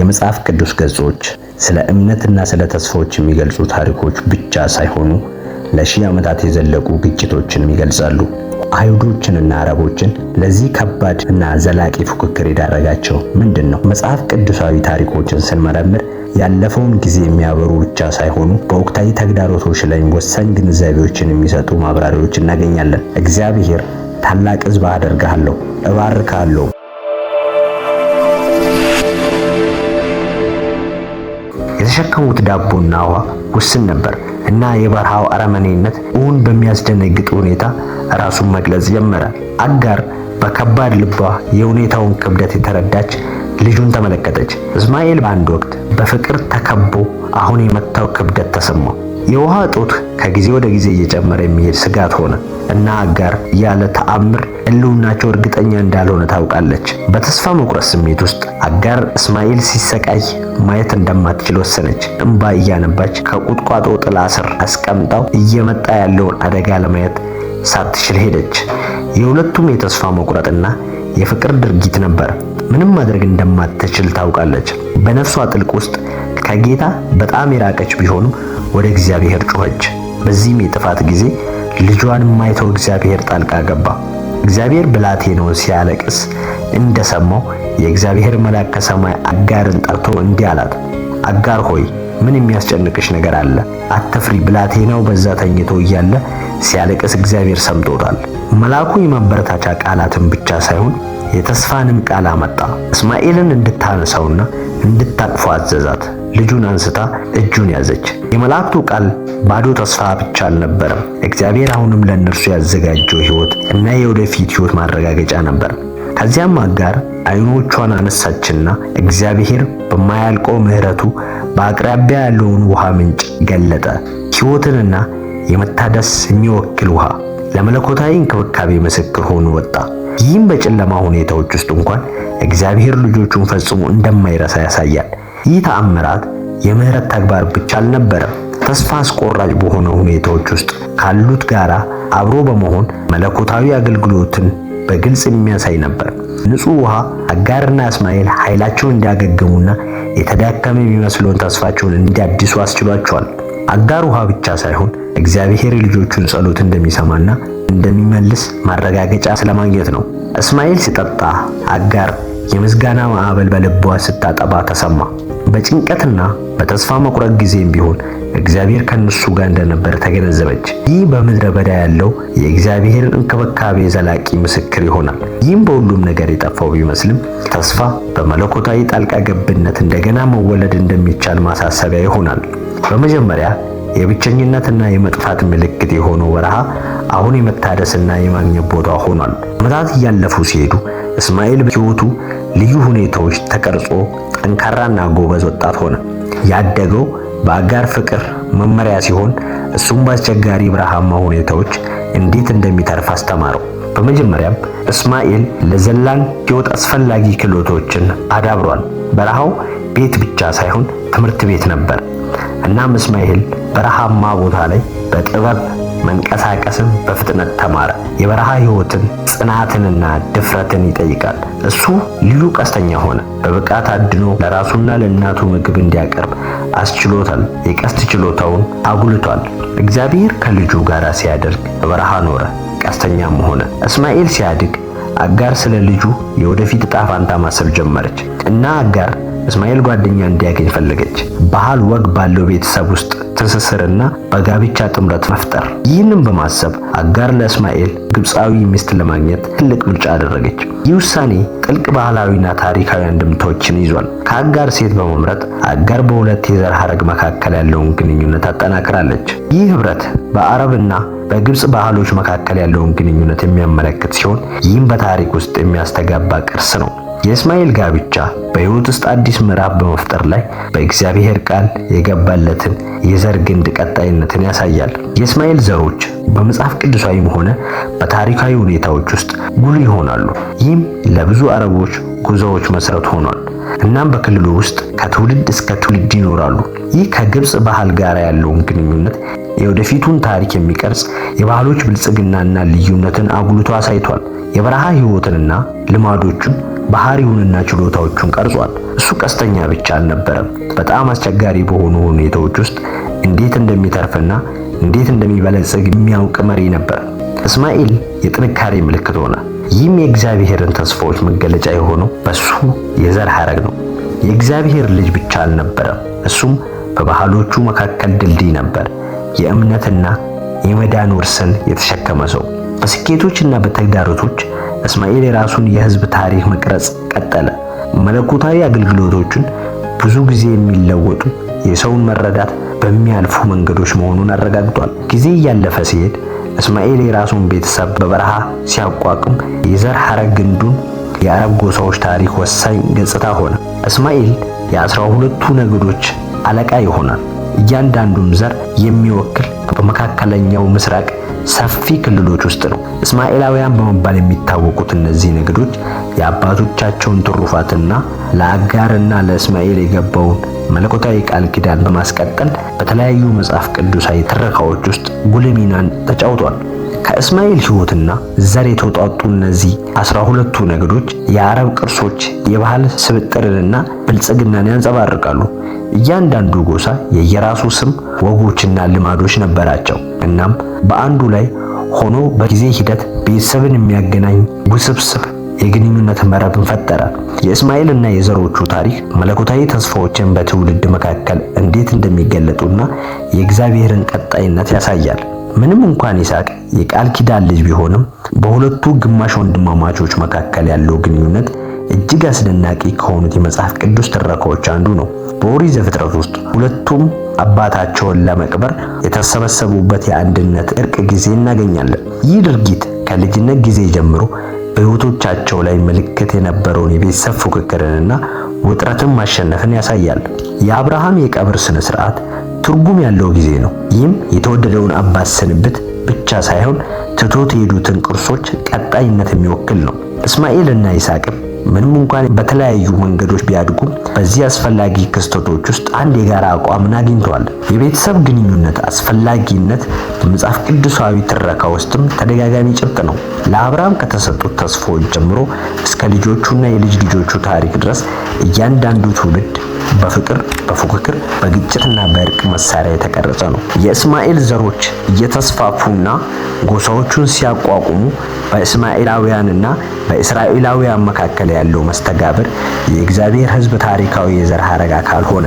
የመጽሐፍ ቅዱስ ገጾች ስለ እምነትና ስለ ተስፋዎች የሚገልጹ ታሪኮች ብቻ ሳይሆኑ ለሺህ ዓመታት የዘለቁ ግጭቶችንም ይገልጻሉ። አይሁዶችንና አረቦችን ለዚህ ከባድ እና ዘላቂ ፉክክር የዳረጋቸው ምንድን ነው? መጽሐፍ ቅዱሳዊ ታሪኮችን ስንመረምር ያለፈውን ጊዜ የሚያበሩ ብቻ ሳይሆኑ በወቅታዊ ተግዳሮቶች ላይ ወሳኝ ግንዛቤዎችን የሚሰጡ ማብራሪያዎች እናገኛለን። እግዚአብሔር ታላቅ ሕዝብ አደርግሃለሁ፣ እባርካለሁ የተሸከሙት ዳቦና ውሃ ውስን ነበር እና የበረሃው አረመኔነት እውን በሚያስደነግጥ ሁኔታ ራሱን መግለጽ ጀመረ። አጋር በከባድ ልቧ የሁኔታውን ክብደት የተረዳች ልጁን ተመለከተች። እስማኤል በአንድ ወቅት በፍቅር ተከቦ አሁን የመታው ክብደት ተሰማው። የውሃ እጦት ከጊዜ ወደ ጊዜ እየጨመረ የሚሄድ ስጋት ሆነ እና አጋር ያለ ተአምር ሕልውናቸው እርግጠኛ እንዳልሆነ ታውቃለች። በተስፋ መቁረጥ ስሜት ውስጥ አጋር እስማኤል ሲሰቃይ ማየት እንደማትችል ወሰነች። እንባ እያነባች ከቁጥቋጦ ጥላ ስር አስቀምጣው እየመጣ ያለውን አደጋ ለማየት ሳትችል ሄደች። የሁለቱም የተስፋ መቁረጥና የፍቅር ድርጊት ነበር። ምንም ማድረግ እንደማትችል ታውቃለች። በነፍሷ ጥልቅ ውስጥ ከጌታ በጣም የራቀች ቢሆንም ወደ እግዚአብሔር ጮኸች። በዚህም የጥፋት ጊዜ ልጇን ማይቶ እግዚአብሔር ጣልቃ ገባ። እግዚአብሔር ብላቴ ነው ሲያለቅስ እንደሰማው የእግዚአብሔር መልአክ ከሰማይ አጋርን ጠርቶ እንዲህ አላት፣ አጋር ሆይ ምን የሚያስጨንቅሽ ነገር አለ? አትፍሪ። ብላቴናው በዛ ተኝቶ እያለ ሲያለቅስ እግዚአብሔር ሰምቶታል። መልአኩ የማበረታቻ ቃላትን ብቻ ሳይሆን የተስፋንም ቃል አመጣ። እስማኤልን እንድታነሳውና እንድታቅፎ አዘዛት። ልጁን አንስታ እጁን ያዘች። የመላእክቱ ቃል ባዶ ተስፋ ብቻ አልነበረም። እግዚአብሔር አሁንም ለእነርሱ ያዘጋጀው ሕይወት እና የወደፊት ሕይወት ማረጋገጫ ነበር። ከዚያም አጋር አይኖቿን አነሳችና እግዚአብሔር በማያልቀው ምሕረቱ በአቅራቢያ ያለውን ውሃ ምንጭ ገለጠ። ሕይወትንና የመታደስ የሚወክል ውሃ ለመለኮታዊ እንክብካቤ ምስክር ሆኖ ወጣ። ይህም በጨለማ ሁኔታዎች ውስጥ እንኳን እግዚአብሔር ልጆቹን ፈጽሞ እንደማይረሳ ያሳያል። ይህ ተአምራት የምህረት ተግባር ብቻ አልነበረም። ተስፋ አስቆራጭ በሆነ ሁኔታዎች ውስጥ ካሉት ጋራ አብሮ በመሆን መለኮታዊ አገልግሎትን በግልጽ የሚያሳይ ነበር። ንጹህ ውሃ አጋርና እስማኤል ኃይላቸውን እንዲያገግሙና የተዳከመ የሚመስለውን ተስፋቸውን እንዲያድሱ አስችሏቸዋል። አጋር ውሃ ብቻ ሳይሆን እግዚአብሔር የልጆቹን ጸሎት እንደሚሰማና እንደሚመልስ ማረጋገጫ ስለማግኘት ነው። እስማኤል ሲጠጣ አጋር የምስጋና ማዕበል በልቧ ስታጠባ ተሰማ። በጭንቀትና በተስፋ መቁረጥ ጊዜም ቢሆን እግዚአብሔር ከነሱ ጋር እንደነበር ተገነዘበች። ይህ በምድረ በዳ ያለው የእግዚአብሔር እንክብካቤ ዘላቂ ምስክር ይሆናል። ይህም በሁሉም ነገር የጠፋው ቢመስልም ተስፋ በመለኮታዊ ጣልቃ ገብነት እንደገና መወለድ እንደሚቻል ማሳሰቢያ ይሆናል። በመጀመሪያ የብቸኝነትና የመጥፋት ምልክት የሆነው በረሃ አሁን የመታደስና የማግኘት ቦታ ሆኗል። ዓመታት እያለፉ ሲሄዱ እስማኤል በሕይወቱ ልዩ ሁኔታዎች ተቀርጾ ጠንካራና ጎበዝ ወጣት ሆነ። ያደገው በአጋር ፍቅር መመሪያ ሲሆን እሱም በአስቸጋሪ በረሃማ ሁኔታዎች እንዴት እንደሚተርፍ አስተማረው። በመጀመሪያም እስማኤል ለዘላን ሕይወት አስፈላጊ ክህሎቶችን አዳብሯል። በረሃው ቤት ብቻ ሳይሆን ትምህርት ቤት ነበር። እናም እስማኤል በረሃማ ቦታ ላይ በጥበብ መንቀሳቀስን በፍጥነት ተማረ። የበረሃ ህይወትን ጽናትንና ድፍረትን ይጠይቃል። እሱ ልዩ ቀስተኛ ሆነ። በብቃት አድኖ ለራሱና ለእናቱ ምግብ እንዲያቀርብ አስችሎታል። የቀስት ችሎታውን አጉልቷል። እግዚአብሔር ከልጁ ጋር ሲያደርግ በበረሃ ኖረ፣ ቀስተኛም ሆነ። እስማኤል ሲያድግ አጋር ስለ ልጁ የወደፊት ጣፋንታ ማሰብ ጀመረች እና አጋር እስማኤል ጓደኛ እንዲያገኝ ፈለገች። ባህል ወግ ባለው ቤተሰብ ውስጥ ትስስርና በጋብቻ ጥምረት መፍጠር። ይህንን በማሰብ አጋር ለእስማኤል ግብፃዊ ሚስት ለማግኘት ትልቅ ምርጫ አደረገች። ይህ ውሳኔ ጥልቅ ባህላዊና ታሪካዊ አንድምታዎችን ይዟል። ከአጋር ሴት በመምረጥ አጋር በሁለት የዘር ሐረግ መካከል ያለውን ግንኙነት አጠናክራለች። ይህ ህብረት በአረብና በግብፅ ባህሎች መካከል ያለውን ግንኙነት የሚያመለክት ሲሆን ይህም በታሪክ ውስጥ የሚያስተጋባ ቅርስ ነው። የእስማኤል ጋብቻ በሕይወት ውስጥ አዲስ ምዕራፍ በመፍጠር ላይ በእግዚአብሔር ቃል የገባለትን የዘር ግንድ ቀጣይነትን ያሳያል። የእስማኤል ዘሮች በመጽሐፍ ቅዱሳዊም ሆነ በታሪካዊ ሁኔታዎች ውስጥ ጉልህ ይሆናሉ። ይህም ለብዙ አረቦች ጉዞዎች መሠረት ሆኗል። እናም በክልሉ ውስጥ ከትውልድ እስከ ትውልድ ይኖራሉ። ይህ ከግብፅ ባህል ጋር ያለውን ግንኙነት የወደፊቱን ታሪክ የሚቀርጽ የባህሎች ብልጽግናና ልዩነትን አጉልቶ አሳይቷል። የበረሃ ሕይወትንና ልማዶቹን ባህሪውንና ችሎታዎቹን ቀርጿል። እሱ ቀስተኛ ብቻ አልነበረም። በጣም አስቸጋሪ በሆኑ ሁኔታዎች ውስጥ እንዴት እንደሚተርፍና እንዴት እንደሚበለጽግ የሚያውቅ መሪ ነበር። እስማኤል የጥንካሬ ምልክት ሆነ። ይህም የእግዚአብሔርን ተስፋዎች መገለጫ የሆነው በሱ የዘር ሐረግ ነው። የእግዚአብሔር ልጅ ብቻ አልነበረም። እሱም በባህሎቹ መካከል ድልድይ ነበር። የእምነትና የመዳን ውርስን የተሸከመ ሰው በስኬቶችና በተግዳሮቶች እስማኤል የራሱን የህዝብ ታሪክ መቅረጽ ቀጠለ። መለኮታዊ አገልግሎቶቹን ብዙ ጊዜ የሚለወጡ የሰውን መረዳት በሚያልፉ መንገዶች መሆኑን አረጋግጧል። ጊዜ እያለፈ ሲሄድ እስማኤል የራሱን ቤተሰብ በበረሃ ሲያቋቁም የዘር ሐረግ ግንዱን የአረብ ጎሳዎች ታሪክ ወሳኝ ገጽታ ሆነ። እስማኤል የአስራ ሁለቱ ነገዶች አለቃ ይሆናል። እያንዳንዱም ዘር የሚወክል በመካከለኛው ምስራቅ ሰፊ ክልሎች ውስጥ ነው። እስማኤላውያን በመባል የሚታወቁት እነዚህ ንግዶች የአባቶቻቸውን ትሩፋትና ለአጋርና ለእስማኤል የገባውን መለኮታዊ ቃል ኪዳን በማስቀጠል በተለያዩ መጽሐፍ ቅዱሳዊ ትረካዎች ውስጥ ጉልህ ሚናን ተጫውቷል። ከእስማኤል ሕይወትና ዘር የተውጣጡ እነዚህ አስራ ሁለቱ ነገዶች የአረብ ቅርሶች የባህል ስብጥርንና ብልጽግናን ያንጸባርቃሉ። እያንዳንዱ ጎሳ የየራሱ ስም፣ ወጎችና ልማዶች ነበራቸው። እናም በአንዱ ላይ ሆኖ በጊዜ ሂደት ቤተሰብን የሚያገናኝ ውስብስብ የግንኙነት መረብን ፈጠረ። የእስማኤልና የዘሮቹ ታሪክ መለኮታዊ ተስፋዎችን በትውልድ መካከል እንዴት እንደሚገለጡና የእግዚአብሔርን ቀጣይነት ያሳያል። ምንም እንኳን ይስሐቅ የቃል ኪዳን ልጅ ቢሆንም በሁለቱ ግማሽ ወንድማማቾች መካከል ያለው ግንኙነት እጅግ አስደናቂ ከሆኑት የመጽሐፍ ቅዱስ ትረካዎች አንዱ ነው። በኦሪት ዘፍጥረት ውስጥ ሁለቱም አባታቸውን ለመቅበር የተሰበሰቡበት የአንድነት እርቅ ጊዜ እናገኛለን። ይህ ድርጊት ከልጅነት ጊዜ ጀምሮ በሕይወቶቻቸው ላይ ምልክት የነበረውን የቤተሰብ ፉክክርንና ውጥረትን ማሸነፍን ያሳያል። የአብርሃም የቀብር ስነ ስርዓት ትርጉም ያለው ጊዜ ነው። ይህም የተወደደውን አባት ስንብት ብቻ ሳይሆን ትቶት የሄዱትን ቅርሶች ቀጣይነት የሚወክል ነው። እስማኤልና ይስሐቅም ምንም እንኳን በተለያዩ መንገዶች ቢያድጉም በዚህ አስፈላጊ ክስተቶች ውስጥ አንድ የጋራ አቋምን አግኝተዋል። የቤተሰብ ግንኙነት አስፈላጊነት በመጽሐፍ ቅዱሳዊ ትረካ ውስጥም ተደጋጋሚ ጭብጥ ነው። ለአብርሃም ከተሰጡት ተስፋዎች ጀምሮ እስከ ልጆቹና የልጅ ልጆቹ ታሪክ ድረስ እያንዳንዱ ትውልድ በፍቅር፣ በፉክክር፣ በግጭትና በእርቅ መሳሪያ የተቀረጸ ነው። የእስማኤል ዘሮች እየተስፋፉና ጎሳዎቹን ሲያቋቁሙ በእስማኤላውያንና በእስራኤላውያን መካከል ያለው መስተጋብር የእግዚአብሔር ሕዝብ ታሪካዊ የዘር ሐረግ አካል ሆነ።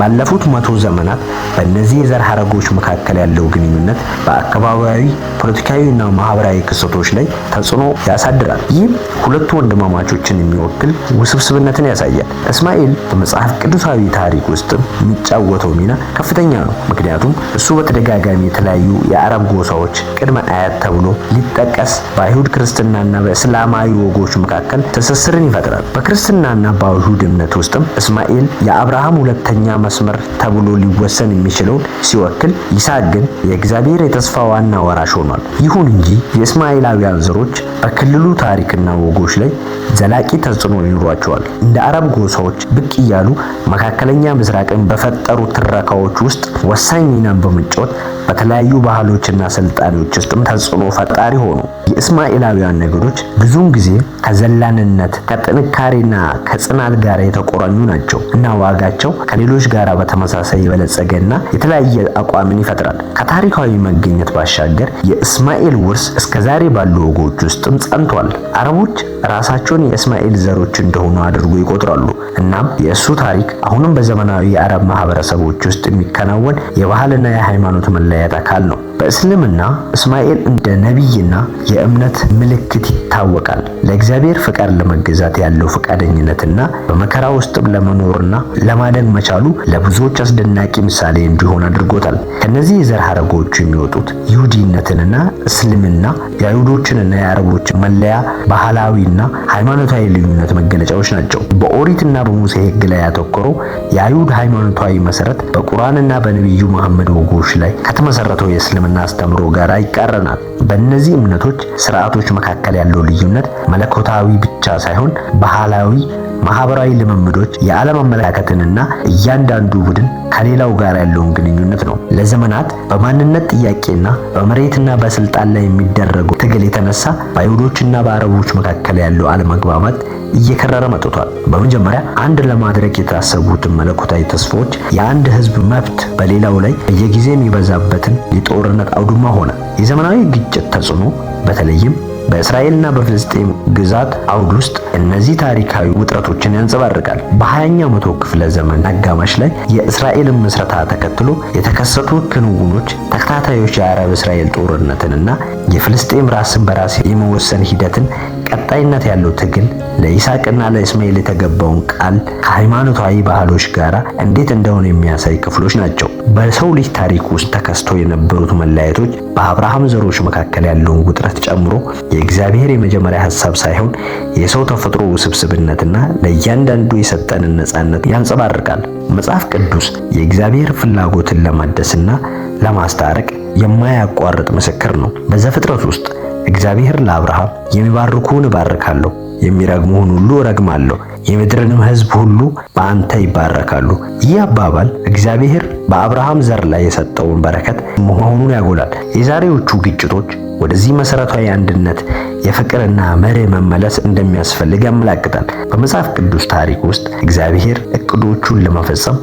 ባለፉት መቶ ዘመናት በእነዚህ የዘር ሐረጎች መካከል ያለው ግንኙነት በአካባቢያዊ ፖለቲካዊና ማህበራዊ ክስተቶች ላይ ተጽዕኖ ያሳድራል። ይህም ሁለቱ ወንድማማቾችን የሚወክል ውስብስብነትን ያሳያል። እስማኤል በመጽሐፍ ቅዱሳዊ ታሪክ ውስጥ የሚጫወተው ሚና ከፍተኛ ነው፣ ምክንያቱም እሱ በተደጋጋሚ የተለያዩ የአረብ ጎሳዎች ቅድመ አያት ተብሎ ሊጠቀስ በአይሁድ ክርስትናና በእስላማዊ ወጎች መካከል ትስስርን ችግርን ይፈጥራል። በክርስትናና በአይሁድ እምነት ውስጥም እስማኤል የአብርሃም ሁለተኛ መስመር ተብሎ ሊወሰን የሚችለውን ሲወክል፣ ይስሐቅ ግን የእግዚአብሔር የተስፋ ዋና ወራሽ ሆኗል። ይሁን እንጂ የእስማኤላውያን ዘሮች በክልሉ ታሪክና ወጎች ላይ ዘላቂ ተጽዕኖ ይኖሯቸዋል። እንደ አረብ ጎሳዎች ብቅ እያሉ መካከለኛ ምስራቅን በፈጠሩ ትረካዎች ውስጥ ወሳኝ ሚናን በመጫወት በተለያዩ ባህሎችና ስልጣኔዎች ውስጥም ተጽዕኖ ፈጣሪ ሆኑ። የእስማኤላውያን ነገዶች ብዙውን ጊዜ ከዘላንነት ከጥንካሬና ከጽናት ጋር የተቆራኙ ናቸው እና ዋጋቸው ከሌሎች ጋር በተመሳሳይ የበለጸገና የተለያየ አቋምን ይፈጥራል። ከታሪካዊ መገኘት ባሻገር የእስማኤል ውርስ እስከዛሬ ባሉ ወጎች ውስጥም ጸንቷል። አረቦች ራሳቸውን የእስማኤል ዘሮች እንደሆኑ አድርጎ ይቆጥራሉ። እናም የእሱ ታሪክ አሁንም በዘመናዊ የአረብ ማህበረሰቦች ውስጥ የሚከናወን የባህልና የሃይማኖት መለያየት አካል ነው። በእስልምና እስማኤል እንደ ነቢይና የእምነት ምልክት ይታወቃል። ለእግዚአብሔር ፍቃድ ለመገዛት ያለው ፈቃደኝነትና በመከራ ውስጥም ለመኖርና ለማደግ መቻሉ ለብዙዎች አስደናቂ ምሳሌ እንዲሆን አድርጎታል። ከነዚህ የዘር ሀረጎቹ የሚወጡት ይሁዲነትንና እስልምና የአይሁዶችንና የአረቦችን መለያ ባህላዊና ሃይማኖታዊ ልዩነት መገለጫዎች ናቸው። በኦሪትና በሙሴ ሕግ ላይ ያተኮረው የአይሁድ ሃይማኖታዊ መሰረት በቁርአንና በነቢዩ መሐመድ ወጎች ላይ ከተመሰረተው የእስልምና አስተምሮ ጋር ይቃረናል። በእነዚህ እምነቶች ስርዓቶች መካከል ያለው ልዩነት መለኮታዊ ብቻ ሳይሆን ባህላዊ ማህበራዊ ልምምዶች የዓለም አመለካከትንና እያንዳንዱ ቡድን ከሌላው ጋር ያለውን ግንኙነት ነው። ለዘመናት በማንነት ጥያቄና በመሬትና በስልጣን ላይ የሚደረጉ ትግል የተነሳ በአይሁዶችና በአረቦች መካከል ያለው አለመግባባት እየከረረ መጥቷል። በመጀመሪያ አንድ ለማድረግ የታሰቡትን መለኮታዊ ተስፋዎች የአንድ ህዝብ መብት በሌላው ላይ በየጊዜ የሚበዛበትን የጦርነት አውድማ ሆነ። የዘመናዊ ግጭት ተጽዕኖ በተለይም በእስራኤልና በፍልስጤም ግዛት አውድ ውስጥ እነዚህ ታሪካዊ ውጥረቶችን ያንጸባርቃል። በ20ኛው መቶ ክፍለ ዘመን አጋማሽ ላይ የእስራኤልን ምስረታ ተከትሎ የተከሰቱ ክንውኖች ተከታታዮች የአረብ እስራኤል ጦርነትንና የፍልስጤም ራስን በራስ የመወሰን ሂደትን ቀጣይነት ያለው ትግል ለይስሐቅና ለእስማኤል የተገባውን ቃል ከሃይማኖታዊ ባህሎች ጋር እንዴት እንደሆነ የሚያሳይ ክፍሎች ናቸው። በሰው ልጅ ታሪክ ውስጥ ተከስተው የነበሩት መለያየቶች በአብርሃም ዘሮች መካከል ያለውን ውጥረት ጨምሮ የእግዚአብሔር የመጀመሪያ ሐሳብ ሳይሆን የሰው ተፈጥሮ ውስብስብነትና ለእያንዳንዱ የሰጠንን ነጻነት ያንጸባርቃል። መጽሐፍ ቅዱስ የእግዚአብሔር ፍላጎትን ለማደስና ለማስታረቅ የማያቋርጥ ምስክር ነው። በዘፍጥረት ውስጥ እግዚአብሔር ለአብርሃም የሚባርኩህን እባርካለሁ፣ የሚረግሙህን ሁሉ እረግማለሁ፣ የምድርንም ሕዝብ ሁሉ በአንተ ይባረካሉ። ይህ አባባል እግዚአብሔር በአብርሃም ዘር ላይ የሰጠውን በረከት መሆኑን ያጎላል። የዛሬዎቹ ግጭቶች ወደዚህ መሰረታዊ አንድነት የፍቅርና መርህ መመለስ እንደሚያስፈልግ ያመላክታል። በመጽሐፍ ቅዱስ ታሪክ ውስጥ እግዚአብሔር እቅዶቹን ለመፈጸም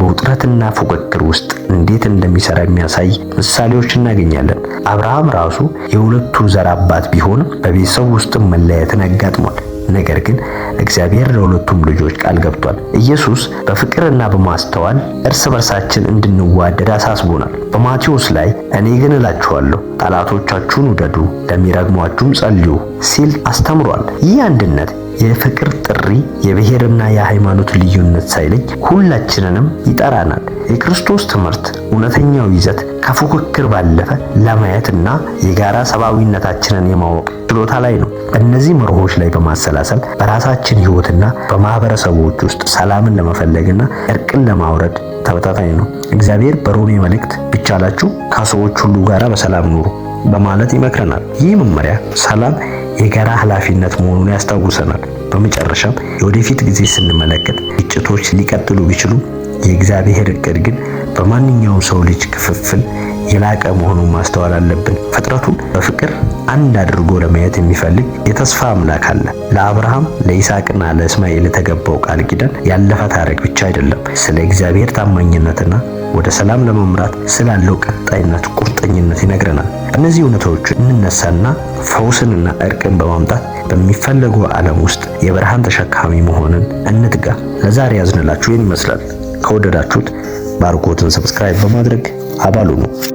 በውጥረትና ፉክክር ውስጥ እንዴት እንደሚሰራ የሚያሳይ ምሳሌዎች እናገኛለን። አብርሃም ራሱ የሁለቱ ዘር አባት ቢሆን በቤተሰብ ውስጥ መለያየትን አጋጥሟል። ነገር ግን እግዚአብሔር ለሁለቱም ልጆች ቃል ገብቷል። ኢየሱስ በፍቅርና በማስተዋል እርስ በርሳችን እንድንዋደድ አሳስቦናል። በማቴዎስ ላይ እኔ ግን እላችኋለሁ ጠላቶቻችሁን ውደዱ፣ ለሚረግሟችሁም ጸልዩ ሲል አስተምሯል። ይህ አንድነት የፍቅር ጥሪ የብሔርና የሃይማኖት ልዩነት ሳይለይ ሁላችንንም ይጠራናል። የክርስቶስ ትምህርት እውነተኛው ይዘት ከፉክክር ባለፈ ለማየትና የጋራ ሰብአዊነታችንን የማወቅ ችሎታ ላይ ነው። በእነዚህ መርሆች ላይ በማሰላሰል በራሳችን ሕይወትና በማህበረሰቦች ውስጥ ሰላምን ለመፈለግና እርቅን ለማውረድ ተበታታኝ ነው። እግዚአብሔር በሮሜ መልእክት ቢቻላችሁ ከሰዎች ሁሉ ጋራ በሰላም ኑሩ በማለት ይመክረናል። ይህ መመሪያ ሰላም የጋራ ኃላፊነት መሆኑን ያስታውሰናል። በመጨረሻም የወደፊት ጊዜ ስንመለከት ግጭቶች ሊቀጥሉ ቢችሉም የእግዚአብሔር እቅድ ግን በማንኛውም ሰው ልጅ ክፍፍል የላቀ መሆኑን ማስተዋል አለብን። ፍጥረቱን በፍቅር አንድ አድርጎ ለማየት የሚፈልግ የተስፋ አምላክ አለ። ለአብርሃም ለይስሐቅና ለእስማኤል የተገባው ቃል ኪዳን ያለፈ ታሪክ ብቻ አይደለም፣ ስለ እግዚአብሔር ታማኝነትና ወደ ሰላም ለመምራት ስላለው ቀጣይነት ቁርጠኝነት ይነግረናል። እነዚህ እውነታዎች እንነሳና ፈውስንና እርቅን በማምጣት በሚፈለጉ ዓለም ውስጥ የብርሃን ተሸካሚ መሆንን እንትጋ። ለዛሬ ያዝንላችሁ ይህን ይመስላል። ከወደዳችሁት ባርኮትን ሰብስክራይብ በማድረግ አባሉ ነው።